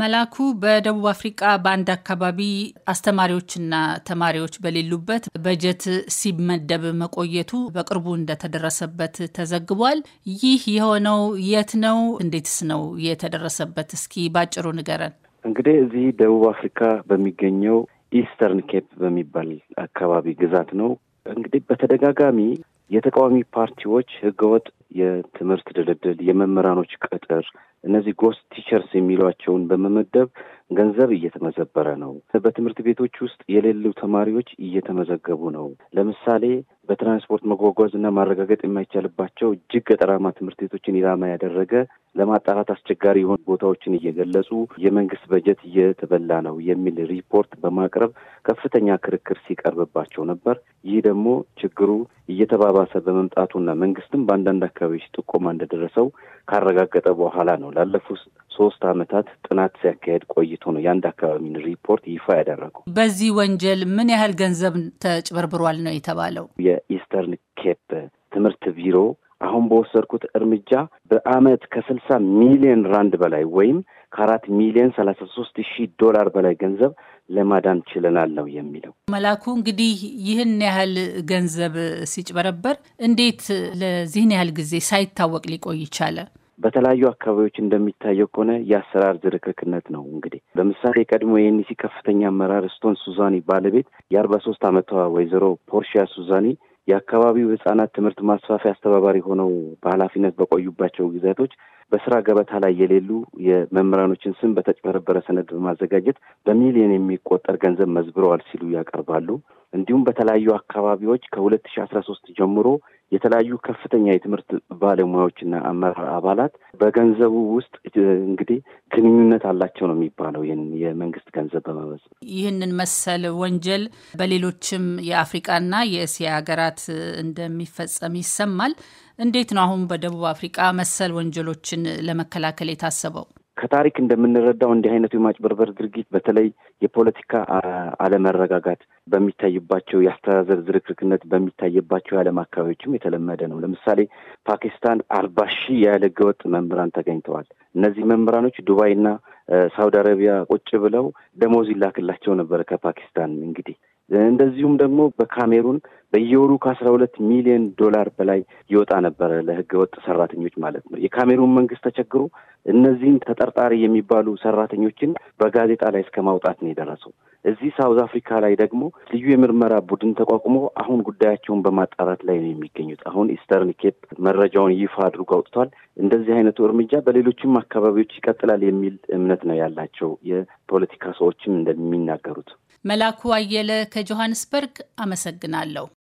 መላኩ በደቡብ አፍሪቃ በአንድ አካባቢ አስተማሪዎችና ተማሪዎች በሌሉበት በጀት ሲመደብ መቆየቱ በቅርቡ እንደተደረሰበት ተዘግቧል። ይህ የሆነው የት ነው? እንዴትስ ነው የተደረሰበት? እስኪ ባጭሩ ንገረን። እንግዲህ እዚህ ደቡብ አፍሪካ በሚገኘው ኢስተርን ኬፕ በሚባል አካባቢ ግዛት ነው። እንግዲህ በተደጋጋሚ የተቃዋሚ ፓርቲዎች ህገወጥ የትምህርት ድልድል፣ የመምህራኖች ቅጥር፣ እነዚህ ጎስት ቲቸርስ የሚሏቸውን በመመደብ ገንዘብ እየተመዘበረ ነው። በትምህርት ቤቶች ውስጥ የሌሉ ተማሪዎች እየተመዘገቡ ነው። ለምሳሌ በትራንስፖርት መጓጓዝ እና ማረጋገጥ የማይቻልባቸው እጅግ ገጠራማ ትምህርት ቤቶችን ኢላማ ያደረገ ለማጣራት አስቸጋሪ የሆኑ ቦታዎችን እየገለጹ የመንግስት በጀት እየተበላ ነው የሚል ሪፖርት በማቅረብ ከፍተኛ ክርክር ሲቀርብባቸው ነበር። ይህ ደግሞ ችግሩ እየተባባሰ በመምጣቱና መንግስትም በአንዳንድ አካባቢዎች ጥቆማ እንደደረሰው ካረጋገጠ በኋላ ነው ላለፉት ሶስት ዓመታት ጥናት ሲያካሄድ ቆይቶ ነው የአንድ አካባቢን ሪፖርት ይፋ ያደረገው። በዚህ ወንጀል ምን ያህል ገንዘብ ተጭበርብሯል ነው የተባለው? የኢስተርን ኬፕ ትምህርት ቢሮ አሁን በወሰድኩት እርምጃ በአመት ከስልሳ ሚሊዮን ራንድ በላይ ወይም ከአራት ሚሊዮን ሰላሳ ሶስት ሺህ ዶላር በላይ ገንዘብ ለማዳን ችለናል ነው የሚለው መላኩ። እንግዲህ ይህን ያህል ገንዘብ ሲጭበረበር እንዴት ለዚህን ያህል ጊዜ ሳይታወቅ ሊቆይ ይቻለ? በተለያዩ አካባቢዎች እንደሚታየው ከሆነ የአሰራር ዝርክርክነት ነው። እንግዲህ ለምሳሌ የቀድሞ የኤንሲ ከፍተኛ አመራር ስቶን ሱዛኒ ባለቤት የአርባ ሶስት አመቷ ወይዘሮ ፖርሺያ ሱዛኒ የአካባቢው ህጻናት ትምህርት ማስፋፊያ አስተባባሪ ሆነው በኃላፊነት በቆዩባቸው ጊዜያቶች በስራ ገበታ ላይ የሌሉ የመምህራኖችን ስም በተጭበረበረ ሰነድ በማዘጋጀት በሚሊዮን የሚቆጠር ገንዘብ መዝብረዋል ሲሉ ያቀርባሉ። እንዲሁም በተለያዩ አካባቢዎች ከሁለት ሺ አስራ ሶስት ጀምሮ የተለያዩ ከፍተኛ የትምህርት ባለሙያዎችና አመራር አባላት በገንዘቡ ውስጥ እንግዲህ ግንኙነት አላቸው ነው የሚባለው ይህን የመንግስት ገንዘብ በመበዝ ይህንን መሰል ወንጀል በሌሎችም የአፍሪቃና የእስያ ሀገራት እንደሚፈጸም ይሰማል። እንዴት ነው አሁን በደቡብ አፍሪቃ መሰል ወንጀሎችን ለመከላከል የታሰበው? ከታሪክ እንደምንረዳው እንዲህ አይነቱ የማጭበርበር ድርጊት በተለይ የፖለቲካ አለመረጋጋት በሚታይባቸው የአስተዳደር ዝርክርክነት በሚታይባቸው የዓለም አካባቢዎችም የተለመደ ነው። ለምሳሌ ፓኪስታን አርባ ሺህ ያህል ህገወጥ መምህራን ተገኝተዋል። እነዚህ መምህራኖች ዱባይና ሳውዲ አረቢያ ቁጭ ብለው ደሞዝ ይላክላቸው ነበረ ከፓኪስታን እንግዲህ እንደዚሁም ደግሞ በካሜሩን በየወሩ ከአስራ ሁለት ሚሊዮን ዶላር በላይ ይወጣ ነበረ ለህገ ወጥ ሰራተኞች ማለት ነው። የካሜሩን መንግስት ተቸግሮ እነዚህን ተጠርጣሪ የሚባሉ ሰራተኞችን በጋዜጣ ላይ እስከ ማውጣት ነው የደረሰው። እዚህ ሳውዝ አፍሪካ ላይ ደግሞ ልዩ የምርመራ ቡድን ተቋቁሞ አሁን ጉዳያቸውን በማጣራት ላይ ነው የሚገኙት። አሁን ኢስተርን ኬፕ መረጃውን ይፋ አድርጎ አውጥቷል። እንደዚህ አይነቱ እርምጃ በሌሎችም አካባቢዎች ይቀጥላል የሚል እምነት ነው ያላቸው የፖለቲካ ሰዎችም እንደሚናገሩት መላኩ አየለ ከጆሃንስበርግ አመሰግናለሁ።